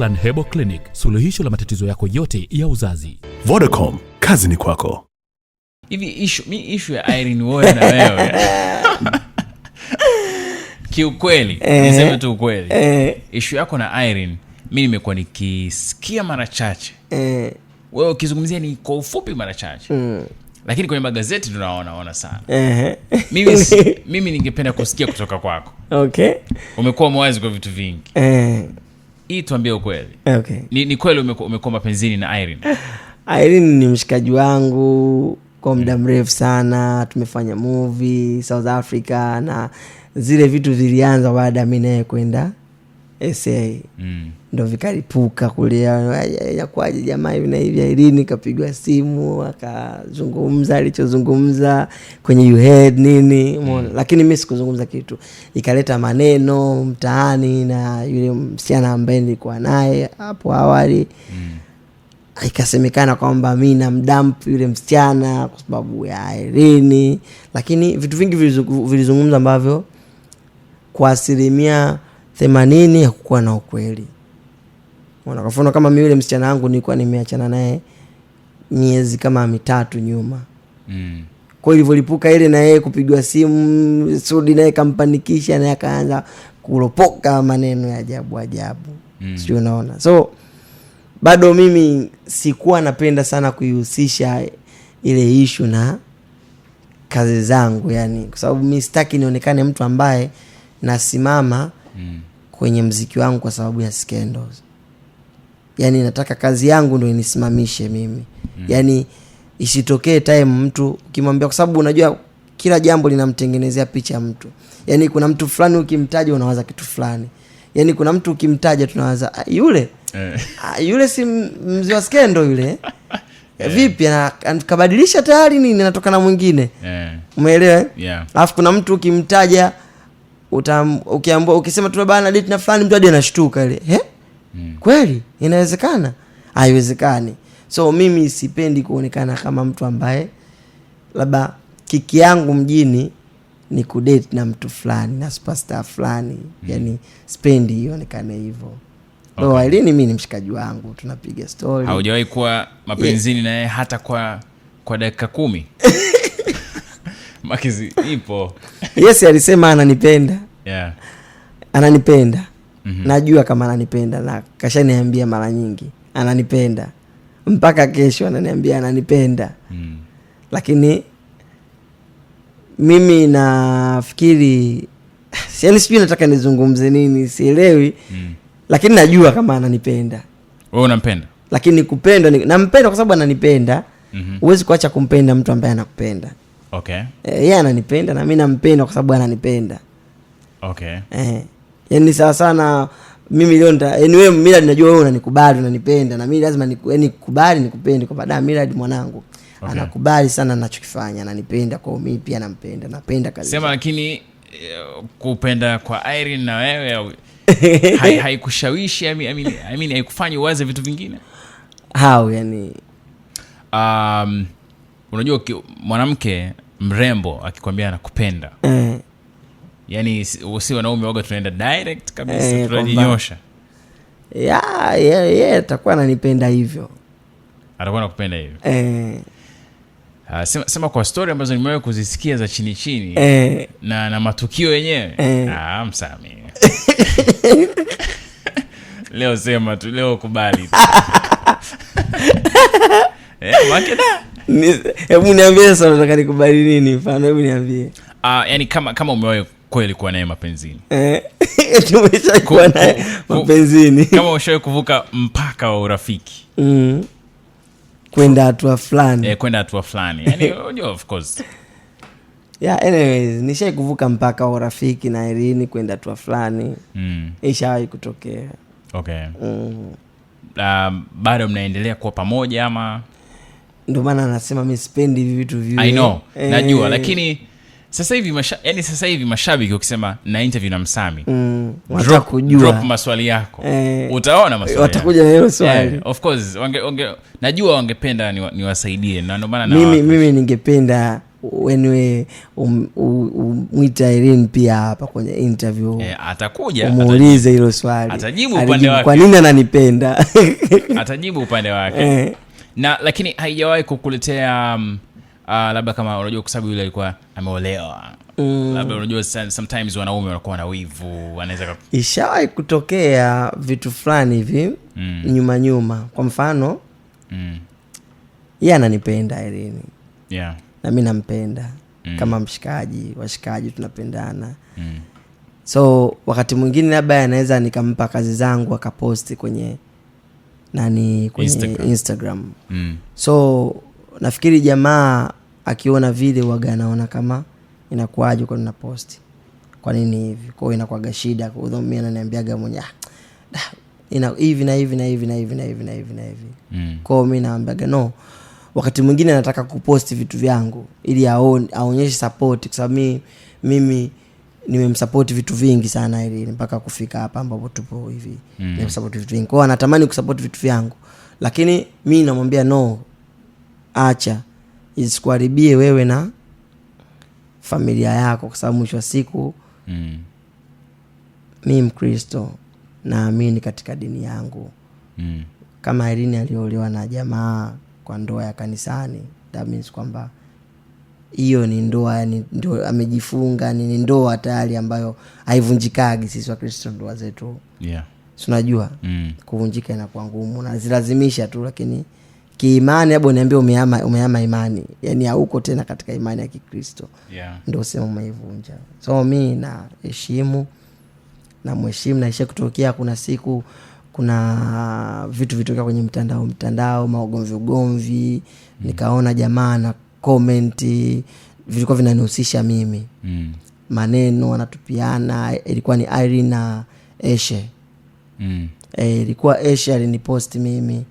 Kaplan Hebo Clinic, suluhisho la matatizo yako yote ya uzazi. Vodacom, kazi ni kwako. Hivi ishu, mi ishu ya Irene Uwoya na wewe kiukweli, eh, niseme tu ukweli eh. ishu yako na Irene mi nimekuwa nikisikia mara chache eh. wewe ukizungumzia ni kwa ufupi mara chache mm. lakini kwenye magazeti tunaonaona sana Mimi, mimi ningependa kusikia kutoka kwako okay. Umekuwa mwazi kwa vitu vingi hii tuambie ukweli. Okay. Ni, ni kweli umekuwa mapenzini na Irene? Irene ni mshikaji wangu kwa muda mrefu sana, tumefanya movie South Africa na zile vitu zilianza baada ya mi naye kwenda SA. Mm ndo vikalipuka kulia yaani, yaani, yaani, yakwaji jamaa hivi na hivi. Irene kapigwa simu akazungumza alichozungumza kwenye you nini mm. Lakini mi sikuzungumza kitu, ikaleta maneno mtaani na yule msichana ambaye nilikuwa naye hapo awali mm. Ikasemekana kwamba mi na mdamp yule msichana kwa sababu ya airini lakini vitu vingi vilizungumza ambavyo kwa asilimia themanini hakukuwa na ukweli. Unaona, kwa mfano kama mimi yule msichana wangu nilikuwa nimeachana naye miezi kama mitatu nyuma. Mm. Kwa ilivyolipuka ile na yeye kupigwa simu, Sudi naye kampanikisha naye akaanza kuropoka maneno ya ajabu ajabu. Mm. Sio unaona. So bado mimi sikuwa napenda sana kuihusisha ile ishu na kazi zangu yani, kwa sababu mi sitaki nionekane mtu ambaye nasimama mm. kwenye mziki wangu kwa sababu ya scandals yani nataka kazi yangu ndo inisimamishe mimi mm. yani isitokee time mtu ukimwambia, kwa sababu unajua kila jambo linamtengenezea picha mtu. Yani kuna mtu fulani ukimtaja unawaza kitu fulani, yani kuna mtu ukimtaja tunawaza ah, yule eh. Ah, yule si mzee wa skendo yule eh. eh. vipi kabadilisha tayari nini anatoka na mwingine eh. umeelewa eh? yeah. alafu kuna mtu ukimtaja ukiambiwa ukisema tu bana date na fulani mtu hadi anashtuka ile eh mm. Kweli inawezekana? Haiwezekani. So mimi sipendi kuonekana kama mtu ambaye labda kiki yangu mjini ni kudate na mtu fulani na superstar fulani mm. Yani spendi ionekane hivyo. Okay. lini mi ni mshikaji wangu, tunapiga stori. Haujawahi kuwa mapenzini yeah. naye hata kwa kwa dakika kumi? Makizi ipo yes, alisema ananipenda yeah. ananipenda mm -hmm. Najua kama ananipenda na kashaniambia mara nyingi ananipenda, mpaka kesho ananiambia ananipenda mm. Lakini mimi nafikiri siani, sijui nataka nizungumze nini, sielewi mm. Lakini najua kama ananipenda. Wewe unampenda? Lakini kupendwa nampenda kwa sababu ananipenda mm huwezi -hmm. kuacha kumpenda mtu ambaye anakupenda. Okay. Eh, yeye ananipenda na mimi nampenda kwa sababu ananipenda. Okay. Eh yani sawa sana mimi leo nita anyway, yaani Millard najua wewe unanikubali unanipenda, na mimi lazima yaani kubali nikupende kwa da Millard mwanangu okay. Anakubali sana ninachokifanya, ananipenda, kwa hiyo mimi pia nampenda, napenda kabisa. Sema lakini eh, kupenda kwa Irene na wewe haikushawishi hai I mean, I mean, haikufanya uwaze vitu vingine how yani um, unajua mwanamke mrembo akikwambia anakupenda mm yani si wanaume waga tunaenda direct kabisa e, eh, tunajinyosha ya yeah, yeah, yeah, atakuwa ananipenda hivyo atakuwa nakupenda hivyo e. Uh, sema, sema kwa stori ambazo nimewahi kuzisikia za chini chini e. na na matukio yenyewe e. ah, msami leo sema tu leo kubali hebu niambie sasa unataka nikubali nini mfano hebu niambie uh, ah, yani kama kama umewahi kweli kuwa naye mapenzini eh, tumeshakuwa naye mapenzini kama ushawai kuvuka mpaka wa urafiki mm. kwenda hatua fulani e, kwenda hatua fulani yani, yeah, nishai kuvuka mpaka wa urafiki na irini kwenda hatua fulani mm. ishawai kutokea okay mm. um, bado mnaendelea kuwa pamoja ama ndio maana anasema mi sipendi hivi vitu vi eh. najua eh, lakini sasa hivi masha, yani sasa hivi mashabiki ukisema na interview na Msami mm, drop, drop maswali yako eh, utaona watakuja na hilo eh, swali yeah, of course wange, wange, najua wangependa niwasaidie ni na maana mimi, mimi ningependa wenwe umwita um, um, Irene pia hapa kwenye interview e, atakuja umuulize hilo swali atajibu upande wake, kwa nini ananipenda atajibu upande wake e. na lakini haijawahi kukuletea um, ah, labda kama unajua kwa sababu yule alikuwa ameolewa mm. labda unajua sometimes wanaume wanakuwa na wivu wanaweza ishawahi kutokea vitu fulani hivi mm. nyuma nyuma kwa mfano mm. ye ananipenda Irene yeah. na mi nampenda mm. kama mshikaji washikaji tunapendana mm. so wakati mwingine labda anaweza nikampa kazi zangu akaposti kwenye nani kwenye instagram, instagram. Mm. so nafikiri jamaa akiona vile waga anaona kama inakuaje kwa nina posti kwa nini hivi, kwa hiyo inakuaga shida. Kwa hiyo mimi ananiambiaga mwenye ah, ina hivi na hivi na hivi na hivi na hivi na hivi na hivi mm. Kwa hiyo mimi naambiaga no, wakati mwingine nataka kupost vitu vyangu ili aonyeshe support, kwa sababu mimi mimi nimemsupport vitu vingi sana ili mpaka kufika hapa ambapo tupo hivi mm. nimemsupport vitu vingi, kwa hiyo anatamani kusupport vitu vyangu, lakini mimi namwambia no, acha isikuharibie wewe na familia yako, kwa sababu mwisho wa siku mm. mi Mkristo naamini katika dini yangu mm. kama Irene aliyoolewa na jamaa kwa ndoa ya kanisani, means kwamba hiyo ni ndoa yani ndo amejifunga ni ndoa tayari ambayo haivunjikagi. Sisi Wakristo ndoa zetu yeah. si mm. kuvunjika inakuwa ngumu, nazilazimisha tu, lakini kiimani labda uniambia umeama umeama imani yani auko tena katika imani ya kikristo yeah. ndo usema umeivunja so mi na namheshimu naisha kutokea kuna siku kuna vitu vitokea kwenye mtandao mtandao maugomvi ugomvi mm. nikaona jamaa na komenti vilikuwa vinanihusisha mimi mm. maneno anatupiana ilikuwa ni airi na eshe mm. e, ilikuwa eshe aliniposti mimi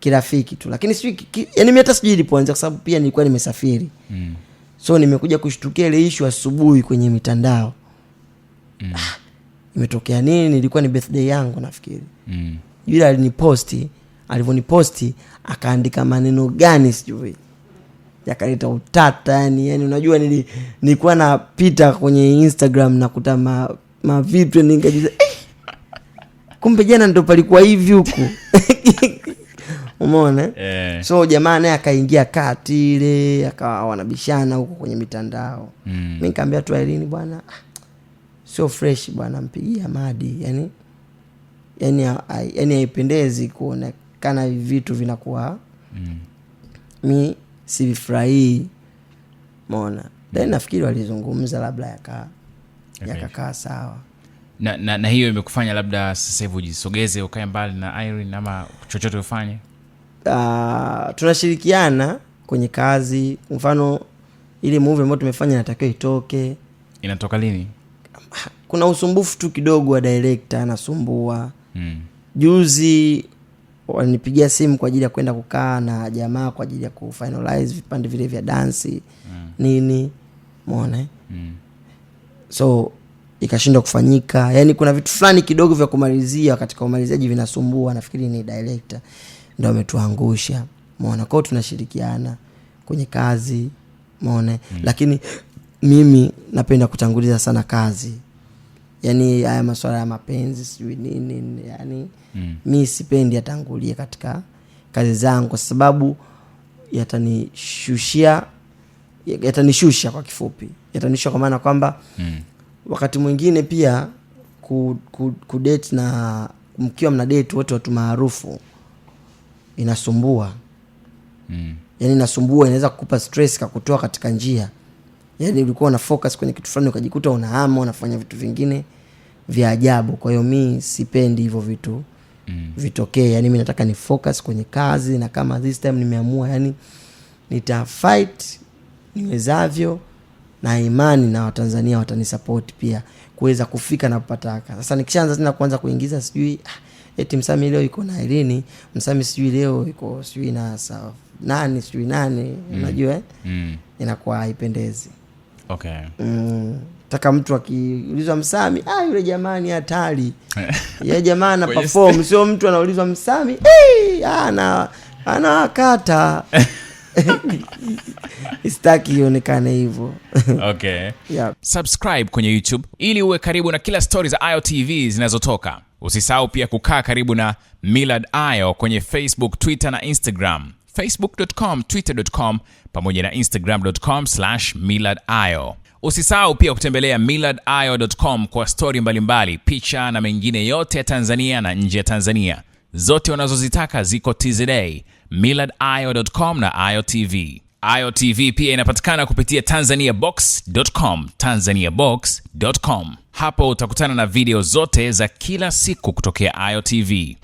kirafiki tu, lakini si yani mimi hata sijui ilipoanza, kwa sababu pia nilikuwa nimesafiri mm. so nimekuja kushtukia ile issue asubuhi kwenye mitandao mm. ah, imetokea nini? Nilikuwa ni birthday yangu nafikiri mm. yule aliniposti, alivyoniposti akaandika maneno gani sijui yakaleta utata yani, yani unajua nili, nilikuwa napita kwenye Instagram nakuta ma, ma vitu yaani nikajiza eh, kumbe jana ndo palikuwa hivi huku umone yeah. so jamaa naye akaingia kati ile akawa wanabishana huko kwenye mitandao mm. mi nikaambia tu Irene bwana sio fresh bwana mpigia madi yani yani yani haipendezi kuonekana vitu vinakuwa mm. mi sivifurahii mona then mm. nafikiri walizungumza labda yakakaa yaka, sawa na, na, na hiyo imekufanya labda sasa hivi ujisogeze ukae mbali na Irene ama chochote ufanye uh, tunashirikiana kwenye kazi. Mfano ile movie ambayo tumefanya inatakiwa itoke, inatoka lini? Kuna usumbufu tu kidogo wa director anasumbua. mm. Juzi walinipigia simu kwa ajili ya kwenda kukaa na jamaa kwa ajili ya kufinalize vipande vile vya dansi mm. nini mona eh? mm. so ikashindwa kufanyika. Yani kuna vitu fulani kidogo vya kumalizia katika umaliziaji vinasumbua, nafikiri ni director ndo ametuangusha mona kwao, tunashirikiana kwenye kazi mona mm. Lakini mimi napenda kutanguliza sana kazi, yani haya maswala ya mapenzi sijui nini, yani mm. mi sipendi yatangulie katika kazi zangu kwa sababu yatanishushia yatanishusha kwa kifupi, yatanishusha kwa maana kwamba mm. wakati mwingine pia kudeti ku, ku na mkiwa mna det wote watu maarufu inasumbua mm. yani inasumbua inaweza kukupa stress kakutoa katika njia yani ulikuwa una focus kwenye kitu fulani ukajikuta unahama unafanya vitu vingine vya ajabu kwa hiyo mi sipendi hivyo vitu mm. vitokee yani mi nataka ni focus kwenye kazi na kama this time nimeamua yani nitafight niwezavyo na imani na watanzania watanisapoti pia kuweza kufika na kupata haka sasa nikishaanza tena kuanza kuingiza sijui ah, eti Msami leo iko na Irene, Msami sijui leo iko sijui na South nani sijui nani mm. Unajua eh? mm. inakuwa haipendezi okay. mm. taka mtu akiulizwa Msami, ah, yule jamani hatari ya jamaa ana perform sio mtu anaulizwa Msami hey, ana anawakata sitaki ionekane hivyo okay. yeah. subscribe kwenye YouTube ili uwe karibu na kila stori za IOTV zinazotoka usisahau pia kukaa karibu na millard ayo kwenye facebook twitter na instagram facebookcom twittercom pamoja na instagramcom millard ayo usisahau pia kutembelea millardayo.com kwa stori mbalimbali picha na mengine yote ya tanzania na nje ya tanzania zote unazozitaka ziko tzda millardayo.com na iotv IOTV pia inapatikana kupitia tanzaniabox.com, tanzaniabox.com. Hapo utakutana na video zote za kila siku kutokea IOTV.